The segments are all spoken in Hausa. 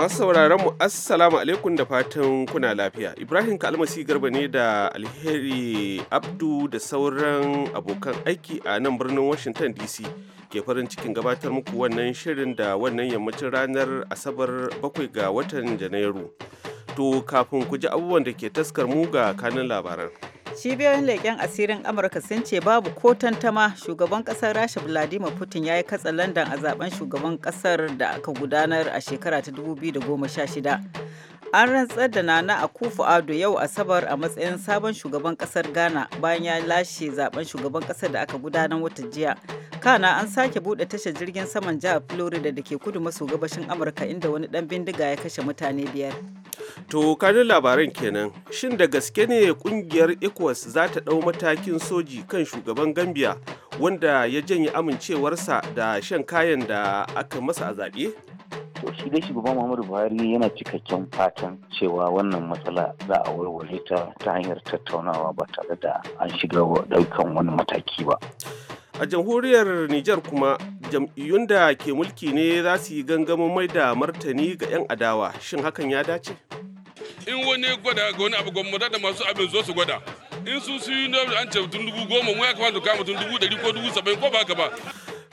Masu sauraron mu Assalamu alaikum da fatan kuna lafiya. Ibrahim Kalmasi Garba ne da Alheri Abdu da sauran abokan aiki a nan birnin Washington DC ke farin cikin gabatar muku wannan shirin da wannan yammacin ranar Asabar bakwai ga watan Janairu. To kafin ku ji abubuwan da ke taskar mu ga kanin labaran. cibiyoyin leƙen asirin amurka sun ce babu ko tantama shugaban ƙasar rasha vladimir putin ya yi katsa london a zaben shugaban kasar da aka gudanar a shekara ta 2016 an rantsar da nana a kufu ado yau asabar a matsayin sabon shugaban ƙasar ghana bayan ya lashe zaben shugaban ƙasar da aka gudanar wata jiya kana an sake buɗe tashar jirgin saman jihar florida da ke kudu maso gabashin amurka inda wani ɗan bindiga ya kashe mutane biyar To kanin labaran kenan, shin da gaske ne kungiyar ECOWAS za ta ɗau matakin soji kan shugaban Gambia wanda ya janye amincewarsa da shan kayan da aka masa a zaɓe? To shi dai shugaban Muhammadu Buhari yana cikakken fatan cewa wannan matsala za a warware ta ta hanyar tattaunawa ba tare da an shiga ɗaukan wani mataki ba. A jamhuriyar Nijar kuma jam'iyyun da ke mulki ne za su yi gangamin mai da martani ga 'yan adawa shin hakan ya dace? wani gwada ga wani abu gwamnati da masu abin zo su gwada in su su yi an ce tun dubu goma mu ya kamata su kama tun dubu ɗari ko dubu saba'in ko ba ba.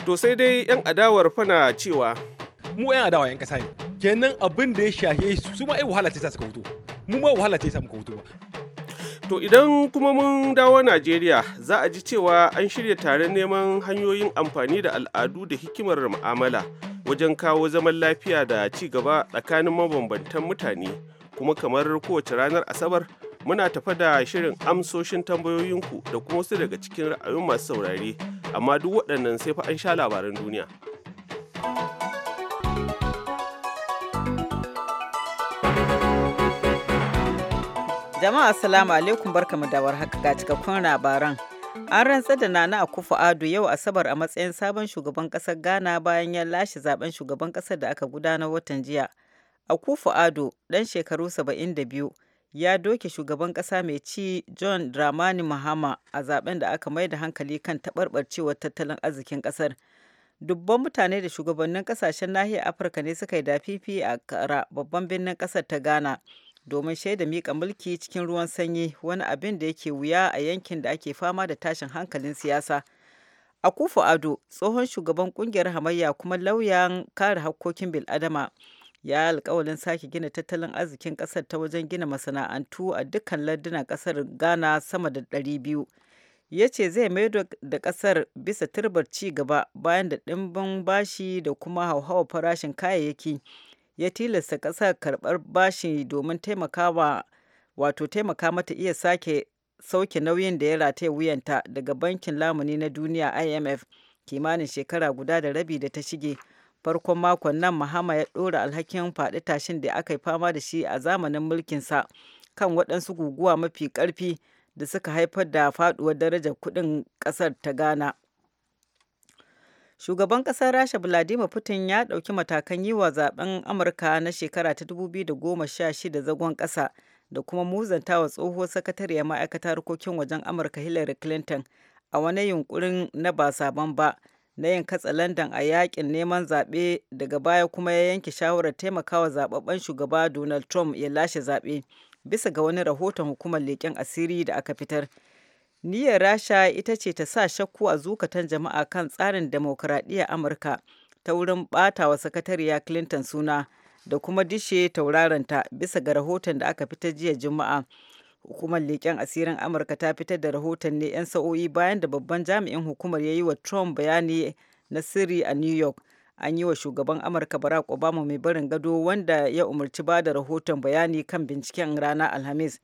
to sai dai yan adawar fana cewa. mu yan adawa yan kasa ne kenan abin da ya shahe su ma ai wahala ce sa suka fito mu ma wahala ce sa muka fito ba. To idan kuma mun dawo Najeriya za a ji cewa an shirya taron neman hanyoyin amfani da al'adu da hikimar mu'amala wajen kawo zaman lafiya da ci gaba tsakanin mabambantan mutane. kuma kamar kowace ranar asabar muna tafa da shirin amsoshin tambayoyinku da kuma wasu daga cikin ra'ayoyin masu saurare amma duk waɗannan sai fa an sha labaran duniya jama'a assalamu alaikum barkamu da warhaka ga cikakkun labaran An rantsa da Nana akufu Ado yau Asabar a matsayin sabon shugaban ƙasar Ghana bayan ya lashe zaben shugaban ƙasar da aka gudanar watan jiya. Akufo ado ɗan shekaru 72, ya doke shugaban ƙasa mai ci John Dramani Mahama a zaben da aka mai da hankali kan taɓarɓarcewar tattalin arzikin ƙasar. Dubban mutane da shugabannin ƙasashen nahiyar Afirka ne suka yi dafifi a kara babban birnin ƙasar ta Ghana domin shaida miƙa mulki cikin ruwan sanyi wani abin da yake wuya a yankin da ake fama da tashin hankalin siyasa. Akufo ado tsohon shugaban ƙungiyar hamayya kuma lauyan kare hakkokin bil'adama. ya alkawalin sake gina tattalin arzikin kasar ta wajen gina masana'antu a dukkan lardunan kasar ghana sama da 200 ya ce zai maido da kasar bisa turbar ci gaba bayan da ɗimbin bashi da kuma hauhawa farashin kayayyaki ya tilasta kasar karɓar bashi domin taimakawa wato taimaka mata iya sake sauke nauyin da ya rataye wuyanta daga bankin lamuni na duniya imf kimanin shekara guda da rabi da ta shige farkon makon nan mahama ya ɗora alhakin faɗi tashin da aka yi fama da shi a zamanin mulkinsa kan waɗansu guguwa mafi ƙarfi da suka haifar da faɗuwar darajar kuɗin ƙasar ta ghana shugaban ƙasar rasha vladimir putin ya ɗauki matakan yi wa zaben amurka na shekara ta 2016 zagon ƙasa da kuma muzanta wa tsohuwar sakatariyar ma'aikatar harkokin wajen amurka hillary clinton a wani yunkurin na ba sabon ba na yin katsalandan a yakin neman zaɓe daga baya kuma ya yanke shawarar taimakawa zababben shugaba donald trump ya lashe zaɓe bisa ga wani rahoton hukumar leƙen asiri da aka fitar niyyar rasha ita ce ta sa shakku a zukatan jama'a kan tsarin demokuraɗiyyar amurka ta wurin ɓata wa sakatariya clinton suna da kuma dishe ta bisa ga rahoton da aka fitar jiya juma'a Hukumar leƙen asirin Amurka ta fitar da rahoton ne 'yan sa'o'i bayan da babban jami'in hukumar ya yi wa Trump bayani na sirri a New York. An yi wa shugaban Amurka Barack Obama mai barin gado wanda ya umarci ba da rahoton bayani kan binciken rana Alhamis.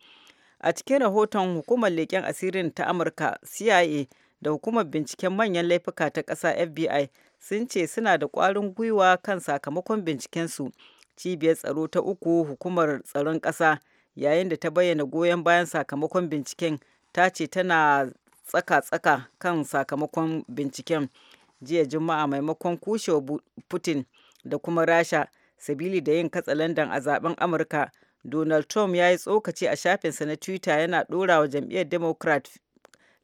A cikin rahoton hukumar leƙen asirin ta Amurka CIA da hukumar binciken manyan laifuka ta ƙasa FBI sun ce suna da ƙwarin gwiwa kan sakamakon bincikensu. Cibiyar tsaro ta uku hukumar tsaron ƙasa yayin da ta bayyana goyon bayan sakamakon binciken ta ce tana tsaka-tsaka kan sakamakon binciken jiya juma'a maimakon kushewa putin da kuma rasha sabili da yin katsalandan a zaben amurka donald trump ya yi tsokaci a shafinsa na twitter yana dorawa wa jam'iyyar democrat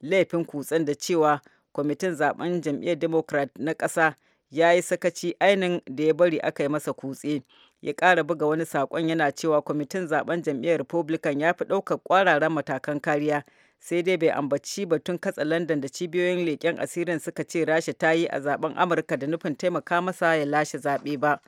laifin kutsen da cewa kwamitin zaben jam'iyyar democrat na ƙasa ya yi sakaci ainihin da ya bari aka yi masa kutse ya ƙara buga wani saƙon yana cewa kwamitin zaben jam'iyyar republican ya fi ɗaukar ƙwararren matakan kariya sai dai bai ambaci batun katsa london da cibiyoyin leƙen asirin suka ce rasha ta yi a zaben amurka da nufin taimaka masa ya lashe zaɓe ba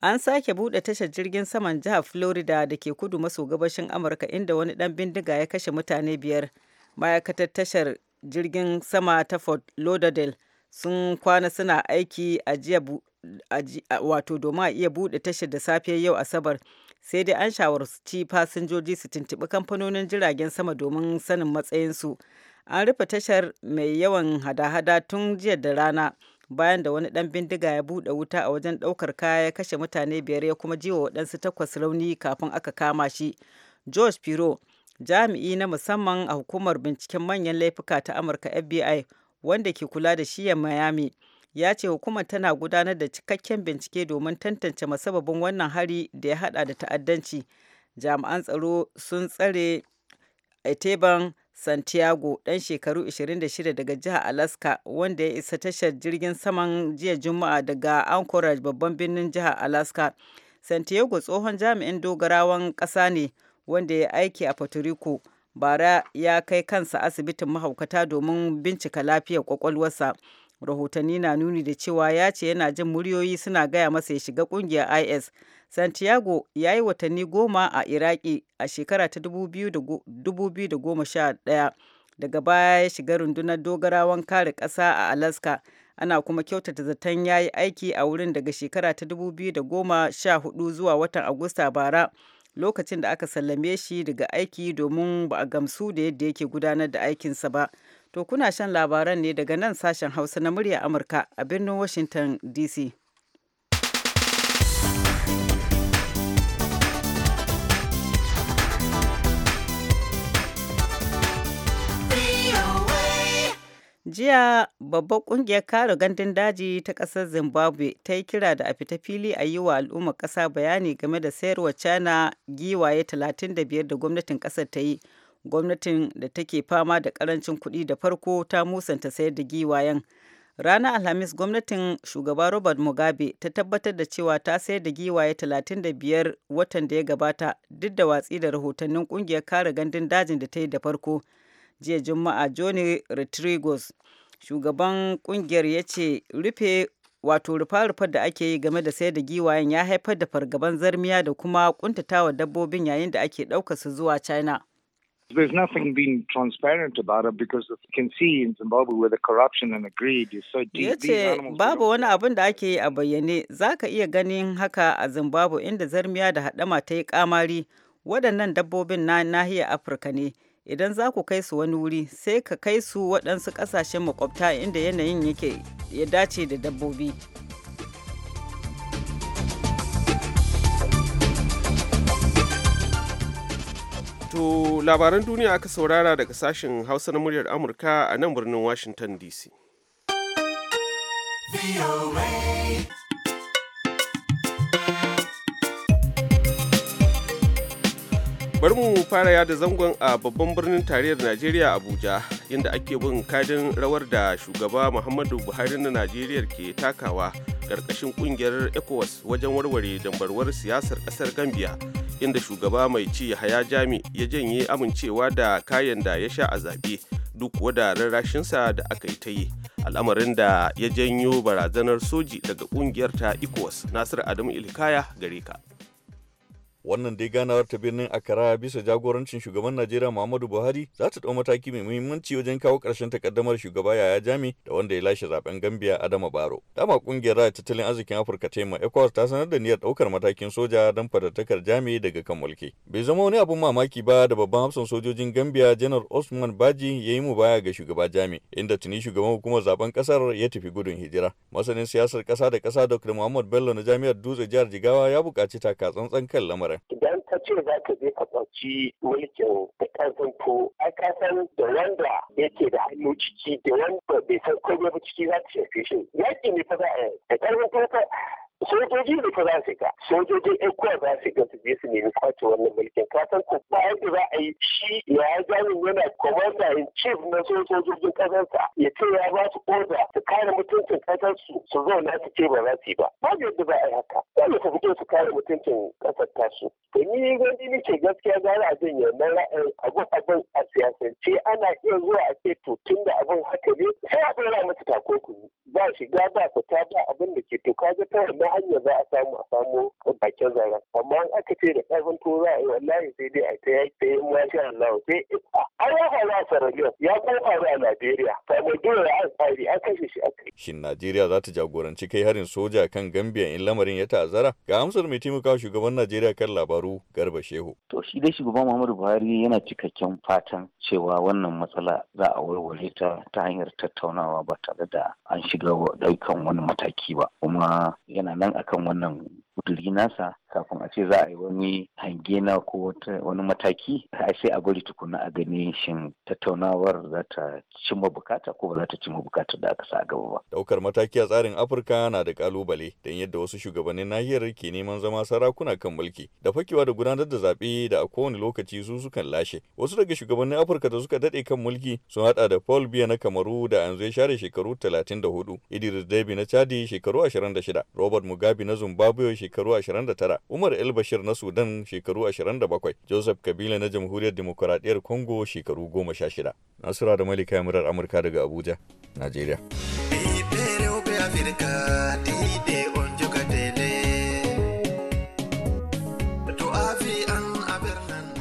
an sake buɗe tashar jirgin saman jihar florida da ke kudu maso gabashin amurka inda wani ɗan bindiga ya kashe mutane biyar ma'aikatar tashar jirgin sama ta fort lauderdale sun kwana suna aiki a jiya wato domin a iya buɗe tashar da safiyar yau asabar sai dai an shawarci fasinjoji su tuntuɓi kamfanonin jiragen sama domin sanin matsayinsu an rufe tashar mai yawan hada-hada tun jiya da rana bayan da wani ɗan bindiga ya buɗe wuta a wajen ɗaukar kaya ya kashe mutane biyar ya kuma jiwa waɗansu takwas rauni kafin aka kama shi george piro jami'i na musamman a hukumar binciken manyan laifuka ta amurka fbi wanda ke kula da shi shiya miami ya ce hukumar tana gudanar da cikakken bincike domin tantance masababin wannan hari da ya hada da ta'addanci jami'an tsaro sun tsare eteban santiago dan shekaru 26 daga jihar alaska wanda ya isa tashar jirgin saman jiya juma'a daga anchorage babban birnin jihar alaska santiago tsohon jami'in dogarawan kasa ne wanda ya aiki a puerto rico bara ya kai kansa asibitin mahaukata domin bincika lafiyar kwakwalwarsa rahotanni na nuni da cewa ya ce yana jin muryoyi suna gaya masa ya shiga kungiyar is santiago ya yi watanni goma a iraki a shekara ta 2011 daga baya ya shiga rundunar dogarawan kare ƙasa a alaska ana kuma kyautata zaton ya yi aiki a wurin daga shekara ta 2014 zuwa watan agusta bara lokacin da aka sallame shi daga aiki domin ba a gamsu da yadda yake gudanar da aikinsa ba To kuna shan labaran ne daga nan sashen Hausa na murya Amurka a birnin Washington DC. jiya babbar kungiyar kare gandun daji ta kasar zimbabwe ta yi kira da a fita fili a yi wa al'ummar kasa bayani game da sayarwa china giwaye 35 da gwamnatin kasar ta yi gwamnatin da take fama da karancin kuɗi da farko ta musanta sayar da giwayen ranar alhamis gwamnatin shugaba robert mugabe ta tabbatar da cewa ta sayar da giwaye 35 watan da ya gabata duk da watsi da rahotannin kungiyar kare gandun dajin da ta yi da farko jiya juma'a johnny retrigos shugaban kungiyar ya ce rufe wato rufa-rufar da ake yi game da sayar da giwayen ya haifar da fargaban zarmiya da kuma kuntatawa dabbobin yayin da ake ɗaukar su zuwa china There's nothing being transparent about it because you can see in Zimbabwe where the corruption and the greed is so deep. Ya ce babu wani abin da ake yi a bayyane za ka iya ganin haka a Zimbabwe inda zarmiya da haɗama ta yi kamari waɗannan dabbobin na nahiyar Afirka ne. Idan za ku kai su wani wuri sai ka kai su waɗansu ƙasashen makwabta inda yanayin yake ya dace da dabbobi. To labaran duniya aka saurara daga sashen Hausa na muryar Amurka a nan birnin Washington DC. Bari mu fara yada zangon a babban birnin tarayyar Najeriya Abuja inda ake bin kadin rawar da shugaba Muhammadu Buhari na Najeriya ke takawa ƙarƙashin ƙungiyar ECOWAS wajen warware dambarwar siyasar ƙasar Gambia. inda shugaba mai ci haya jami ya janye amincewa da kayan da ya sha a zaɓe duk wada rarrashinsa da aka yi ta yi al'amarin da ya janyo barazanar soji daga kungiyar ta ecowas nasir adamu ilkaya gare ka wannan dai ganawar ta birnin akara bisa jagorancin shugaban najeriya muhammadu buhari za ta ɗau mataki mai muhimmanci wajen kawo ƙarshen takaddamar shugaba yaya jami da wanda ya lashe zaben gambia adama baro dama ƙungiyar raya tattalin arzikin afirka yamma ecowas ta sanar da niyyar ɗaukar matakin soja don fatattakar jami daga kan mulki bai zama wani abun mamaki ba da babban hafsan sojojin gambia janar osman baji ya yi mu baya ga shugaba jami inda tuni shugaban hukumar zaben ƙasar ya tafi gudun hijira masanin siyasar ƙasa da kasa dr muhammad bello na jami'ar dutse jihar jigawa ya buƙaci taka tsantsan kan lamarin labarin. Idan ka ce za ka je ka ɗauki mulkin da ƙarfin to a ka da wanda yake da hannu ciki da wanda bai san komai ba ciki za ta shafe shi. Yaƙi ne fa za a yi da ƙarfin sojoji da ka za su ga sojojin ekuwa za su ga su je su nemi kwace wannan mulkin ka san da ba yadda za a yi shi ya zamin yana komanda in chief na sojojin kasarsa ya ce ya ba su oda su kare mutuncin kasarsu su na su ce ba za su yi ba ba yadda za a yi haka dole su fito su kare mutuncin kasar tasu to ni gani nake gaskiya gara a janye na ra'ayin abin abin a siyasance ana iya zuwa a ce to tun da abin haka ne sai a ɗora masa takunkumi ba shiga ba fita ba abin da ke to ka ga ta wannan hanyar za a samu a samu bakin zara amma an aka ce da ƙarfin to za a yi wallahi sai dai a ta yake yin yi Allah sai a ya faru a Sierra ya kuma faru a Najeriya kamar dole an tsari an kashe shi aka yi. Shin Najeriya za ta jagoranci kai harin soja kan Gambia in lamarin ya ta'azzara? Ga amsar mai taimaka shugaban Najeriya kan labaru Garba Shehu. To shi dai shugaban Muhammadu Buhari yana cikakken fatan cewa wannan matsala za a warware ta ta hanyar tattaunawa ba tare da an shiga ɗaukan wani mataki ba kuma yana nan akan wannan kuduri nasa kafin a ce za a yi wani hange na ko wani mataki a sai a bari tukuna a gani shin tattaunawar za ta cimma bukata ko ba za ta ma bukatar da aka sa gaba ba. Daukar mataki a tsarin Afirka na da kalubale don yadda wasu shugabannin nahiyar ke neman zama sarakuna kan mulki da fakewa da gudanar da zaɓe da a kowane lokaci su sukan lashe. Wasu daga shugabannin Afirka da suka daɗe kan mulki sun haɗa da Paul Biya na Kamaru da zai Share shekaru 34, Idris Deby na Chadi shekaru 26, Robert Mugabe na Zimbabwe shekaru 29, Umar El Bashir na Sudan shekaru 27, Joseph Kabila na Jamhuriyar Demokuraɗiyyar Congo shekaru 16. Nasura da Malika ya murar Amurka daga Abuja, Najeriya.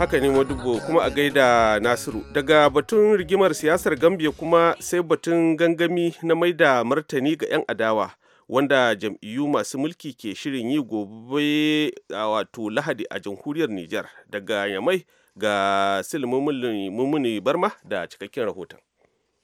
haka ne madubo kuma a gaida nasiru daga batun rigimar siyasar gambia kuma sai batun gangami na maida martani ga 'yan adawa wanda jam'iyyu masu mulki ke shirin yi gobe a wato lahadi a jamhuriyar Nijar daga Yamai ga Silmumuni Barma da cikakken rahoton.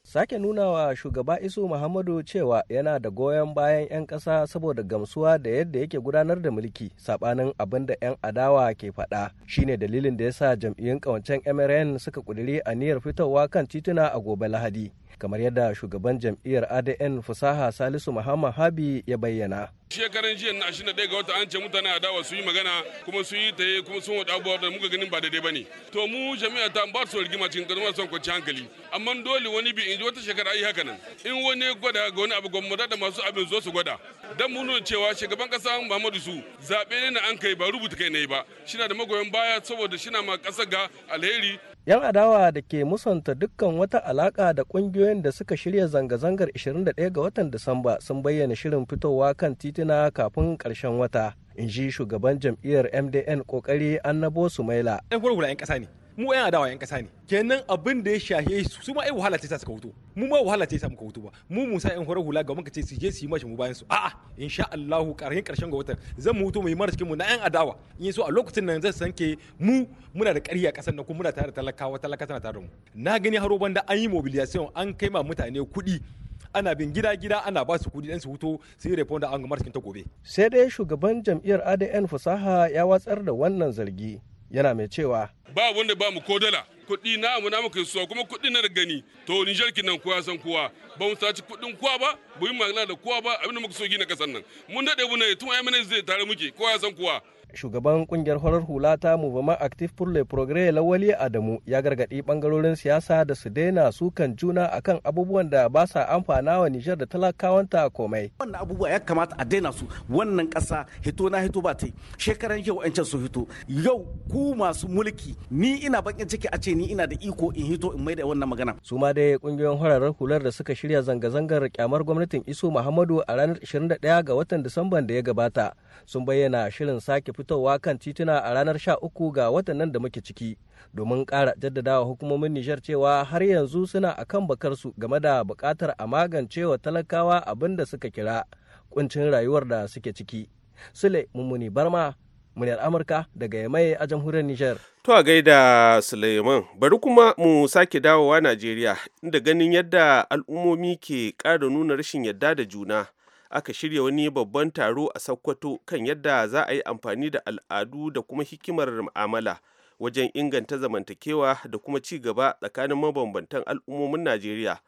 Sake nuna wa shugaba Isu Muhammadu cewa yana da goyon bayan 'yan ƙasa saboda gamsuwa da yadda yake gudanar da mulki sabanin abin da 'yan adawa ke faɗa shine dalilin da ya sa jam'iyyun ƙawancen MRN suka a niyyar fitowa kan tituna a gobe Lahadi. kamar yadda shugaban jam'iyyar adn fusaha salisu muhammad habi ya bayyana shekaran jiya na ashirin da ga wata an ce mutane a dawa su yi magana kuma su yi taye kuma sun wada abubuwa da muka ganin ba daidai ba ne to mu jami'a ta ba su rigima cikin gano son kwanci hankali amma dole wani bi in ji wata shekara ayi haka nan in wani gwada ga wani abu gwamnati da masu abin zo su gwada dan mu nuna cewa shugaban kasa Muhammadu su zaɓe ne na an kai ba rubuta kai na yi ba shina da magoyan baya saboda shina ma ƙasar ga alheri 'Yan adawa da ke musanta dukkan wata alaka da kungiyoyin da suka shirya zanga-zangar 21 ga watan Disamba sun bayyana shirin fitowa kan titina kafin ƙarshen wata. In ji shugaban jam'iyyar MDN kokari Annabo Maila. 'Yan gurgura 'yan ƙasa ne. mu yan adawa yan kasa ne kenan abin da ya shahe su su ma ai wahala ce sa suka hutu mu ma wahala ce sa muka hutu ba mu musa yan hura hula ga muka ce su je su yi mashi mu bayan su a'a insha Allah karshen karshen ga watan zan mu hutu mu yi mara cikin mu na yan adawa in so a lokacin nan zan sanke mu muna da ƙarya kasar nan kuma muna tare da talakawa talaka tana tare da mu na gani haro banda an yi mobilization an kai ma mutane kuɗi ana bin gida gida ana ba su kudi dan su huto su yi repon da an cikin ta gobe sai dai shugaban jam'iyyar ADN fasaha ya watsar da wannan zargi yana mai cewa ba wanda ba mu ko dala kuɗi na mu na muka so kuma kuɗi na da gani to jarkin nan kowa san kowa ba mu saci kuɗin kowa ba bu yi magana da kowa ba abinda muka so gina kasan nan mun daɗe mu ne tun ai mana zai tare muke kowa san kowa shugaban kungiyar horar hula ta Movement Active pour le Progrès Lawali Adamu ya gargadi bangarorin siyasa da su daina sukan juna akan abubuwan da ba sa amfana wa Nijar da talakawanta komai. Wannan abubuwa ya kamata a daina su wannan kasa hito na hito ba ta shekaran yau an su hito yau ku masu mulki ni ina bakin ciki a ce ni ina da iko in hito in da wannan magana. Su ma dai kungiyoyin horarar hular da suka shirya zanga-zangar kyamar gwamnatin iso Muhammadu a ranar 21 ga watan Disamban da ya gabata sun bayyana shirin sake fitowa kan tituna a ranar 13 ga watan nan da muke ciki domin kara jaddadawa hukumomin Nijar cewa har yanzu suna a kan bakarsu game da bukatar a magance wa talakawa abin da suka kira kuncin rayuwar da suke ciki. Sule Mummuni Barma, muryar Amurka daga Yamai a jamhuriyar Nijar. To a gaida Suleiman, bari kuma mu sake dawowa Najeriya inda ganin yadda al'ummomi ke ƙara nuna rashin yadda da juna. aka shirya wani babban taro a Sokoto kan yadda za a yi amfani da al'adu da kuma hikimar mu'amala wajen inganta zamantakewa da kuma ci gaba tsakanin mabambantan al'ummomin Najeriya.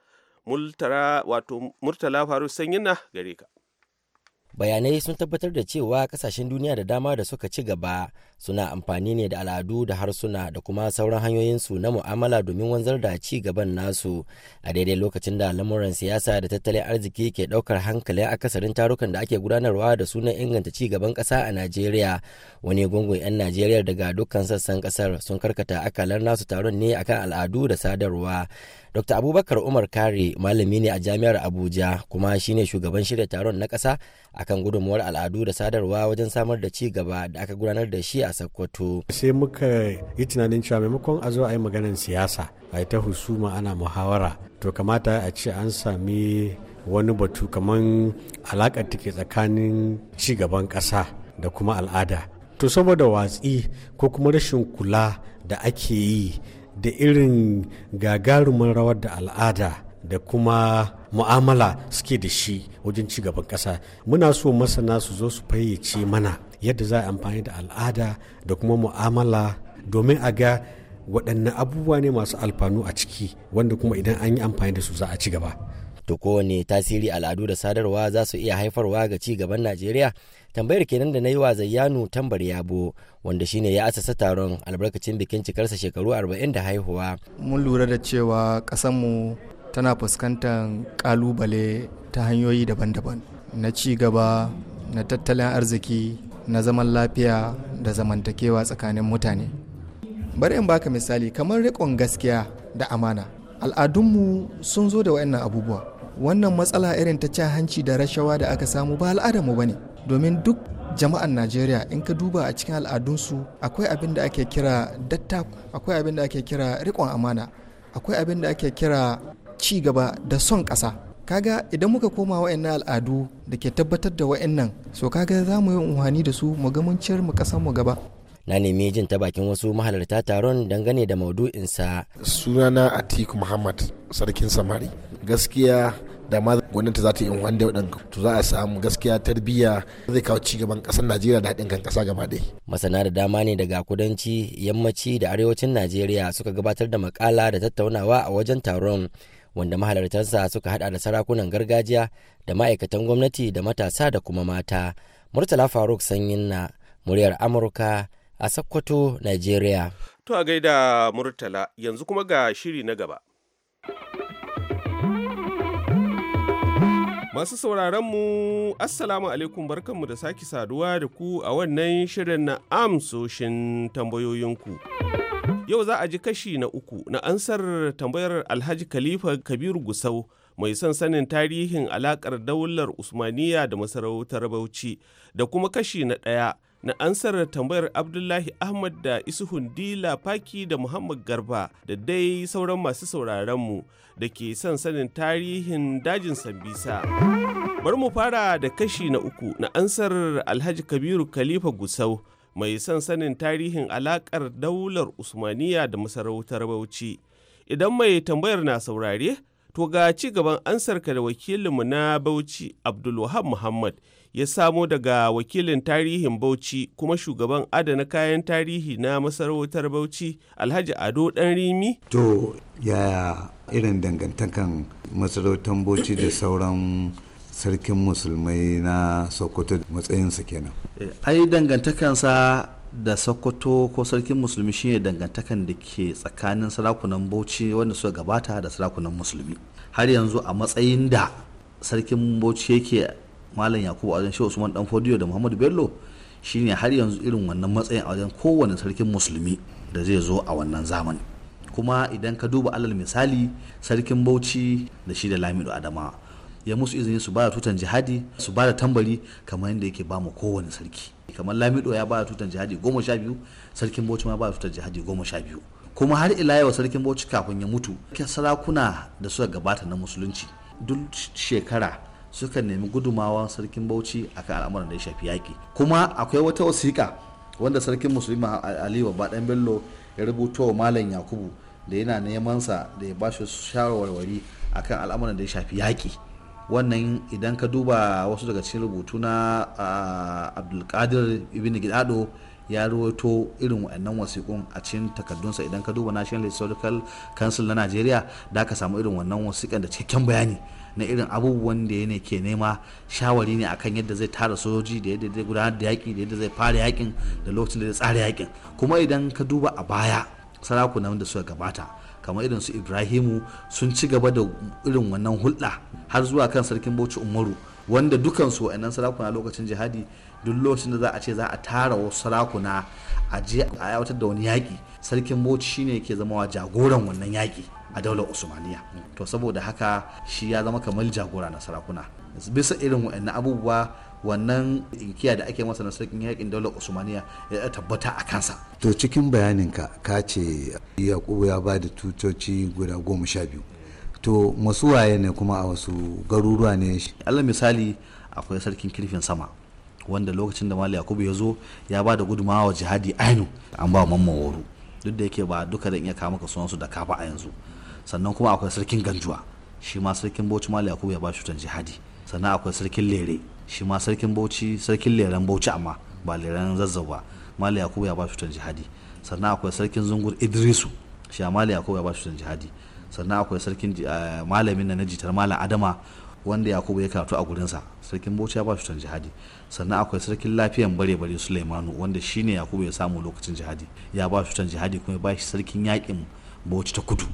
Murtala Faru na gare ka. bayanai sun tabbatar da cewa kasashen duniya da dama da suka ci gaba suna amfani ne da al'adu da harsuna da kuma sauran hanyoyinsu na mu'amala domin wanzar da ci gaban nasu a daidai lokacin da lamuran siyasa da tattalin arziki ke daukar hankali akasarin tarukan da ake gudanarwa da sunan inganta ci gaban kasa a najeriya wani gungun 'yan najeriya daga dukkan sassan kasar sun karkata akalar nasu taron ne akan al'adu da sadarwa Dr. Abubakar Umar Kare malami ne a Jami'ar Abuja kuma shi ne shugaban shirya taron na ƙasa akan gudunmuwar al'adu da sadarwa wajen samar da ci gaba da aka gudanar da shi a Sokoto. Sai muka yi tunanin cewa maimakon a zo a yi maganar siyasa a ta husuma ana muhawara to kamata a ce an sami wani batu kamar alaƙar take tsakanin ci gaban ƙasa da kuma al'ada. To saboda watsi ko kuma rashin kula da ake yi da irin gagarumin rawar da al'ada da kuma mu'amala suke da shi wajen ci gaban ƙasa muna so masana su zo su fayyace mana yadda za a amfani da al'ada da kuma mu'amala domin a ga waɗannan abubuwa ne masu alfanu a ciki wanda kuma idan an yi amfani da su za a ci gaba to kowane tasiri al'adu da sadarwa za su iya haifarwa ga ci gaban najeriya tambayar kenan da na yi wa zayyanu tambar yabo wanda shine ya asasa taron albarkacin bikin cikarsa shekaru arba'in da haihuwa mun lura da cewa kasanmu tana fuskantar kalubale ta hanyoyi daban-daban na ci gaba na tattalin arziki na zaman lafiya da zamantakewa tsakanin mutane bari in baka misali kamar riƙon gaskiya da amana al'adunmu sun zo da waɗannan abubuwa wannan matsala irin ta cin hanci da rashawa da aka samu ba mu ba ne domin duk jama'an najeriya in ka duba a cikin al'adunsu akwai abin da ake kira dattaku akwai abin da ake kira riƙon amana akwai abin da ake kira ci gaba da son ƙasa kaga idan muka koma wa'annan al'adu da ke tabbatar da wa'annan so kaga za mu yi unhani da su mu ga mun ciyar mu ƙasar mu gaba na nemi jin ta bakin wasu mahalarta taron dangane da maudu'insa sunana atiku muhammad sarkin samari gaskiya da ma gwamnati za ta yi wanda waɗanda to za a samu gaskiya tarbiyya zai kawo ci gaban ƙasar najeriya da haɗin kan ƙasa gaba ɗaya masana da dama ne daga kudanci yammaci da arewacin najeriya suka gabatar da makala da tattaunawa a wajen taron wanda mahalartarsa suka haɗa da sarakunan gargajiya da ma'aikatan gwamnati da matasa da kuma mata murtala faruk sanyin na muryar amurka a sakkwato nigeria to a gaida murtala yanzu kuma ga shiri na gaba Masu sauraronmu, Assalamu alaikum barkanmu da sake saduwa da ku a wannan shirin na amsoshin tambayoyinku. Yau za a ji kashi na uku na ansar tambayar Alhaji Khalifa Kabiru Gusau mai son sanin tarihin alakar daular Usmaniya da masarautar Bauchi da kuma kashi na ɗaya na ansar tambayar Abdullahi Ahmad da Isuhun Dila Faki da Muhammad Garba da dai sauran masu sauraronmu da ke son sanin tarihin dajin Sambisa. Bari mu fara da kashi na uku na ansar Alhaji Kabiru Khalifa Gusau mai son sanin tarihin alakar daular Usmaniya da masarautar Bauchi. Idan mai tambayar na saurare, To ga ci gaban ansarka da wakilinmu na Bauchi Abdulwahab Muhammad ya samo daga wakilin tarihin Bauchi kuma shugaban adana kayan tarihi na masarautar Bauchi Alhaji Ado Dan Rimi. To yaya irin dangantakan masarautar Bauchi da sauran sarkin musulmai na Sokoto matsayinsa kenan. Eh, ai dangantakansa da sokoto ko sarkin musulmi shine dangantakan da ke tsakanin sarakunan bauchi wanda suka gabata da sarakunan musulmi har yanzu a matsayin da sarkin bauchi yake malam yakubu a wajen shehu usman dan fodiyo da muhammadu bello shine har yanzu irin wannan matsayin a wajen kowane sarkin musulmi da zai zo a wannan zamani kuma idan ka duba alal misali sarkin bauchi da shi da lamido adama ya musu izini su ba da tutan jihadi su ba da tambari kamar yadda yake ba mu kowane sarki kamar lamido ya ba tutan jihadi goma sha biyu sarkin bauchi ma ba tutan jihadi goma sha biyu kuma har ila yau sarkin bauchi kafin ya mutu ke sarakuna da suka gabata na musulunci duk shekara suka nemi gudumawa sarkin bauchi akan al'amuran da ya shafi yaƙi kuma akwai wata wasiƙa wanda sarkin musulmi ali babba dan bello ya rubuta wa malam yakubu da yana neman sa da ya bashi shawarwari akan al'amuran da ya shafi yaƙi wannan idan ka duba wasu daga cikin rubutu na abdulkadir ibn gidado ya ruwato irin wa'annan wasiƙun a cikin takardunsa idan ka duba national historical council na nigeria da ka samu irin wannan wasiƙan da cikakken bayani na irin abubuwan da yana ke nema shawari ne akan yadda zai tara sojoji da yadda zai gudanar da yaƙi da yadda zai fara yaƙin da lokacin da zai tsara yaƙin kuma idan ka duba a baya sarakunan da suka gabata kamar irin su ibrahimu sun ci gaba da irin wannan hulɗa har zuwa kan sarkin bauchi umaru wanda dukansu wa'annan sarakuna lokacin jihadi duk lokacin da za a ce za a tara wasu sarakuna a je a aiwatar da wani yaƙi sarkin bauchi shine yake zama wa jagoran wannan yaƙi a daular usmaniya to saboda haka shi ya zama kamar jagora na sarakuna bisa irin wa'annan abubuwa wannan inkiya da ake masa na sarkin yakin daular usmaniya ya tabbata a kansa to cikin bayaninka ka ce yakubu ya ba da tutoci guda goma sha biyu to masu waye ne kuma a wasu garuruwa ne allah misali akwai sarkin kirfin sama wanda lokacin da mali yakubu ya zo ya ba da gudumawa wa jihadi ainu an ba mamman woro duk da yake ba duka da iya kama ka sunansu da kafa a yanzu sannan kuma akwai sarkin ganjuwa shi ma sarkin bauchi mali yakubu ya ba shutan jihadi sannan akwai sarkin lere shi ma sarkin bauchi sarkin leren bauchi amma ba leran zazzau ba mali yakubu ya ba tutan jihadi sannan akwai sarkin zungur idrisu shi mali yakubu ya ba tutan jihadi sannan akwai sarkin eh, malamin na najitar malam adama wanda yakubu ya karatu a gurinsa sarkin bauchi ya ba shi jihadi sannan akwai sarkin lafiyan bare bare sulaimanu wanda shine yakubu ya samu lokacin jihadi ya ba shi jihadi kuma ya ba shi sarkin yakin bauchi ta kudu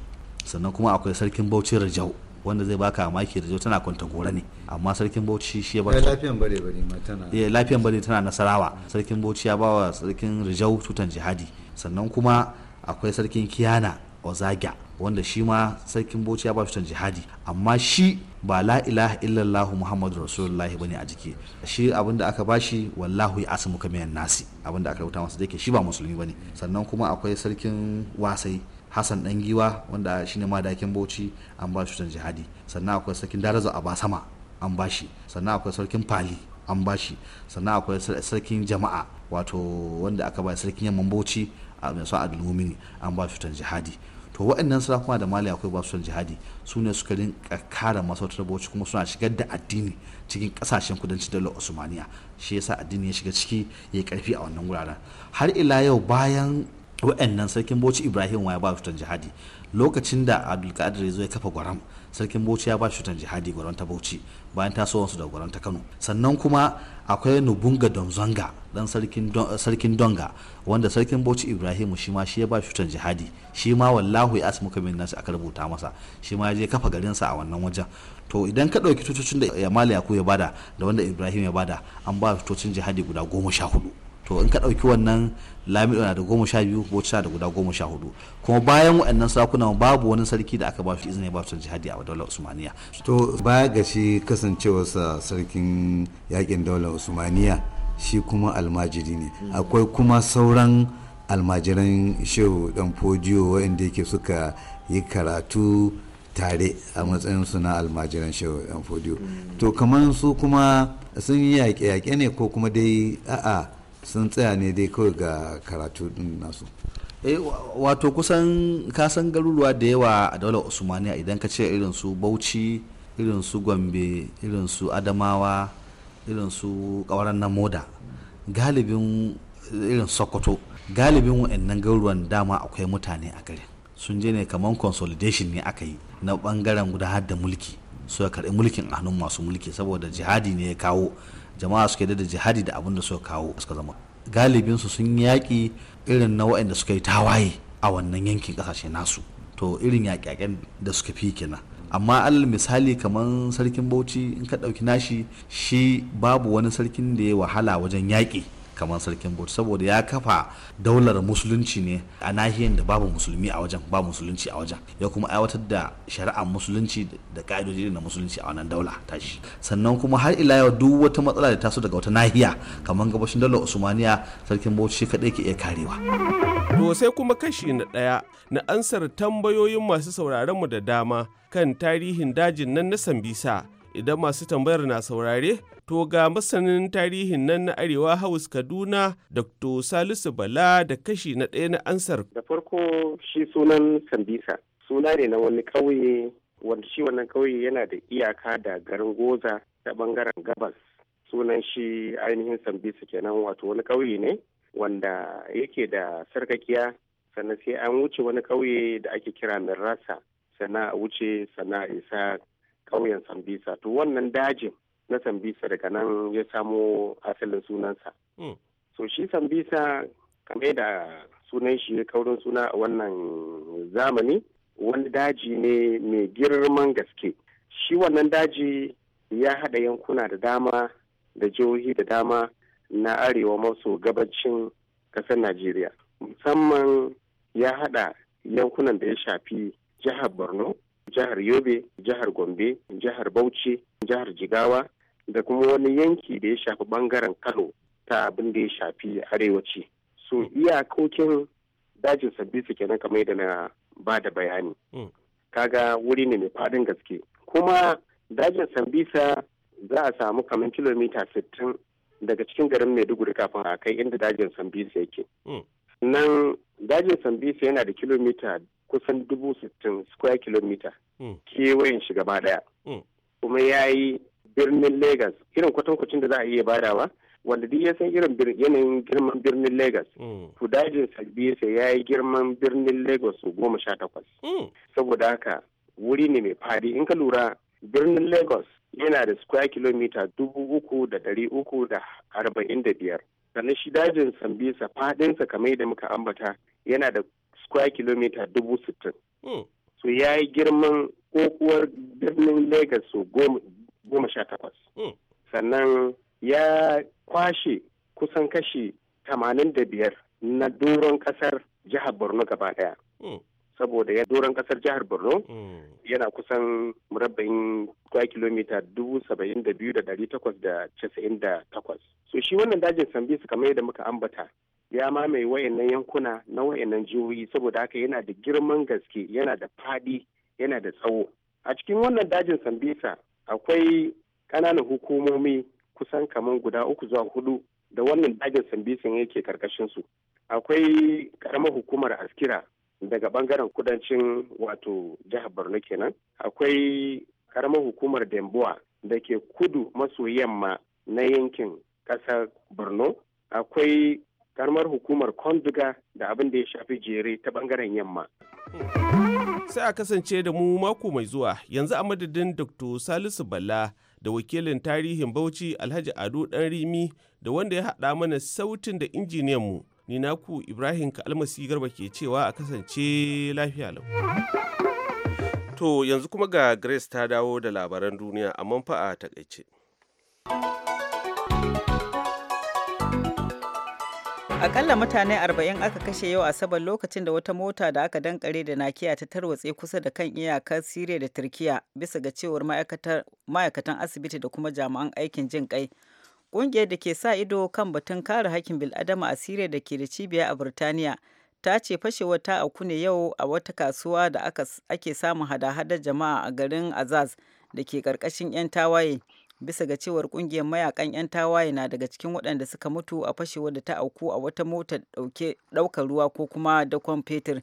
sannan kuma akwai sarkin bauchi rajau wanda zai baka maki da tana kwanta gora ne amma sarkin bauchi shi ya ba lafiyan bare bare ma tana eh lafiyan bare tana nasarawa sarkin bauchi ya bawa sarkin rijau tutan jihadi sannan kuma akwai sarkin kiyana ozaga wanda shi ma sarkin bauchi ya ba tutan jihadi amma shi ba la ilaha illallah muhammadu rasulullah bane a jiki shi abinda aka ba shi wallahu ya muka kamiyan nasi abinda aka rubuta masa da shi ba musulmi ne. sannan kuma akwai sarkin wasai hassan dan giwa wanda shine madakin bauchi an ba shi jihadi sannan akwai sarkin darazo a basama an ba shi sannan akwai sarkin fali an ba shi sannan akwai sarkin jama'a wato wanda aka ba sarkin yamman bauchi a mai sa adulmumini an ba shi jihadi to wa'annan sarakuna da mali akwai ba su jihadi su ne suka rin kara masautar bauchi kuma suna shigar da addini cikin kasashen kudancin dalar osmaniya shi yasa addini ya shiga ciki ya karfi a wannan wuraren har ila yau bayan wa'annan sarkin bauchi ibrahim ya ba shutan jihadi lokacin da abdulkadir ya ya kafa gwaram sarkin bauchi ya ba shutan jihadi gwaram ta bauchi bayan su da gwaram ta kano sannan kuma akwai nubunga donzonga dan sarkin donga wanda sarkin bauchi ibrahim shi ma shi ya ba shutan jihadi shi ma wallahu ya muka min nasu aka rubuta masa shi ma ya je kafa garinsa a wannan wajen to idan ka ɗauki tutocin da yamali yaku ya bada da wanda ibrahim ya bada an ba tutocin jihadi guda goma sha hudu to in ka ɗauki wannan lamido na da goma sha biyu bauchi da guda goma sha hudu kuma bayan waɗannan sarakuna babu wani sarki da aka ba shi ya ba su jihadi a daular usmaniya to baya ga shi kasancewarsa sarkin yakin daular usmaniya shi kuma almajiri ne akwai kuma sauran almajiran shehu dan fojiyo waɗanda yake suka yi karatu tare a matsayin su na almajiran shehu dan fojiyo to kamar su kuma sun yi yaƙe-yaƙe ne ko kuma dai a'a sun tsaya ne dai kawai ga karatu din nasu eh wato kusan kasan garuruwa da yawa a daular usmaniya idan ka ce irin su bauchi irin su gombe irin su adamawa irin su kawaran na moda galibin irin sokoto galibin wa'annan garuruwan dama akwai mutane a garin sun je ne kamar consolidation ne aka yi na bangaren gudanar da mulki su ya karɓi mulkin a hannun masu mulki saboda jihadi ne ya kawo jama'a suka da jihadi da abin da suka kawo suka zama galibin su sun yaƙi irin na waɗanda suka yi tawaye a wannan yankin ƙasashe nasu to irin yaƙe-yaƙen da suka fi kenan amma alal misali kamar sarkin bauchi in ka ɗauki nashi shi babu wani sarkin da ya wahala wajen yaƙi kamar sarkin bot saboda ya kafa daular musulunci ne a nahiyar da babu musulmi a wajen ba musulunci a wajen ya kuma aiwatar da shari'ar musulunci da ka'idoji na musulunci a wannan daula tashi sannan kuma har ila yau duk wata matsala da taso daga wata nahiya kamar gabashin daular usmaniya sarkin shi kadai ke iya karewa to sai kuma kashi na daya na ansar tambayoyin masu sauraron mu da dama kan tarihin dajin nan na sambisa idan masu tambayar na saurare to ga masanin tarihin nan na arewa haus kaduna dr salisu bala da kashi na ɗaya na ansar da farko shi sunan sambisa suna ne na wani ƙauye wanda shi wannan ƙauye yana da iyaka da garin goza ta bangaren gabas sunan shi ainihin sambisa kenan wato wani ƙauye ne wanda yake da sarkakiya sannan sai an wuce wani ƙauye da ake kira mirasa sannan a wuce sannan a isa ƙauyen sambisa to wannan dajin na sambisa daga nan ya samo asalin sunansa hmm. so shi sambisa kamar da sunan shi kaurin suna a wannan zamani wani daji ne mai girman gaske shi wannan daji ya haɗa yankuna da dama da jihohi da dama na arewa maso gabacin ƙasar najeriya musamman ya haɗa yankunan da ya shafi jihar borno jihar yobe jihar gombe jihar bauchi jihar jigawa da kuma wani yanki da ya shafi bangaren kano ta abin da ya shafi arewaci su iyakokin dajin sabbisu kenan kamar da na ba da bayani mm. kaga wuri ne mai fadin gaske kuma dajin sambisa za a samu kamar kilomita 60 daga cikin garin maiduguri kafin a kai inda dajin sambisa yake mm. nan dajin sambisa yana da kilomita kusan dubu sittin square kilomita mm. kewayen shiga ba daya kuma ya yi birnin Legas irin kwatankwacin da za a iya badawa wanda duk ya san irin yanayin girman birnin Legas. Mm. To dajin Sabisa ya yi girman birnin Legas su goma sha takwas. Mm. Saboda haka wuri ne mai fadi in ka lura birnin legas yana da square kilomita dubu uku da dari uku da arba'in da biyar. Sannan shi dajin Sambisa fadinsa kamar yadda muka ambata yana da square kilomita dubu sittin. Mm. So ya yi girman kokuwar birnin legas goma sha takwas hmm. sannan ya kwashe kusan kashi tamanin da biyar na doron kasar jihar borno gaba daya hmm. saboda ya doron kasar jihar borno hmm. yana kusan murabba'in kwa kilomita dubu saba'in da biyu da dari takwas da casa'in da takwas so shi wannan dajin sambisa kamar yadda muka ambata ya mamaye wayannan yankuna na wayannan jihohi saboda haka yana da girman gaske yana da fadi yana da tsawo a cikin wannan dajin sambisa akwai ƙananan hukumomi kusan kamar guda uku zuwa hudu da wannan dajin sambisin yake karkashin su akwai karamar hukumar askira daga bangaren kudancin wato jihar borno kenan akwai karamar hukumar dembowa da ke kudu maso yamma na yankin ƙasar borno akwai karamar hukumar konduga da abin da ya shafi jere ta bangaren yamma. Hmm. Sai a kasance da mu mako mai zuwa yanzu a madadin Dr. Salisu Bala da wakilin tarihin Bauchi Alhaji Ado dan Rimi da wanda ya haɗa mana sautin da injiniyanmu ni naku Ibrahim Kalmasi Garba ke cewa a kasance lafiya lau. To yanzu kuma ga Grace ta dawo da labaran duniya amma fa a takaice. Akalla mutane 40 aka kashe yau Asabar lokacin da wata mota da aka dankare da nakiya ta tarwatse kusa da kan iyakar Siriya da Turkiya bisa ga cewar ma'aikatan asibiti da kuma jami'an aikin jin kai. Ƙungiyar da ke sa ido kan batun kare hakkin bil'adama a Siriya da ke da cibiya a Burtaniya ta ce fashewar ta auku ne yau a wata kasuwa da ake samun hada-hadar jama'a a garin Azaz da ke ƙarƙashin 'yan tawaye. bisa ga cewar kungiyar mayakan 'yan tawaye na daga cikin waɗanda suka mutu a fashewar da ta auku a wata motar ɗaukar ruwa ko kuma dakon fetur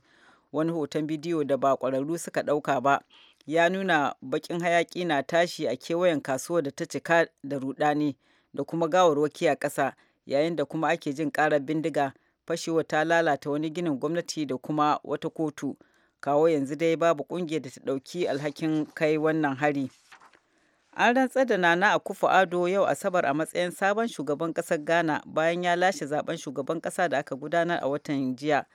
wani hoton bidiyo da ba ƙwararru suka ɗauka ba ya nuna baƙin hayaƙi na tashi a kewayen kasuwar da ta cika da rudani da kuma gawarwaki a ƙasa yayin da kuma ake jin ƙarar bindiga fashewar ta lalata wani ginin gwamnati da kuma wata kotu kawo yanzu dai babu ƙungiyar da ta ɗauki alhakin kai wannan hari. An rantsar da Nana Akufo-Addo yau Asabar a matsayin sabon shugaban ƙasar Ghana bayan ya lashe zaben shugaban ƙasa da aka gudanar a watan jiya.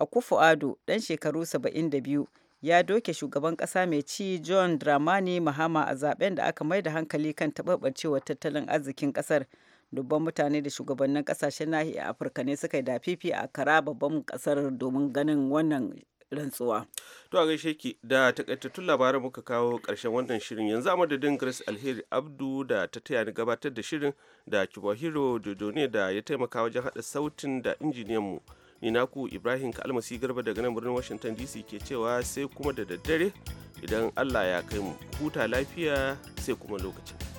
Akufo-Addo, ɗan shekaru 72, ya doke shugaban ƙasa mai ci John Dramani Mahama a zaben da aka mai da hankali kan taɓarɓarcewar tattalin arzikin ƙasar. Dubban mutane da shugabannin ƙasashen nahiyar Afirka ne suka yi dafifi a kara babban ƙasar domin ganin wannan rantsuwa. To a gaishe ki da takaitattun labaran muka kawo ƙarshen wannan shirin yanzu a madadin Grace Alheri Abdu da ta taya ni gabatar da shirin da Kibahiro Dodone da ya taimaka wajen haɗa sautin da injiniyan mu. Ni naku Ibrahim Kalmasi Garba daga nan birnin Washington DC ke cewa sai kuma da daddare idan Allah ya kai mu huta lafiya sai kuma lokacin.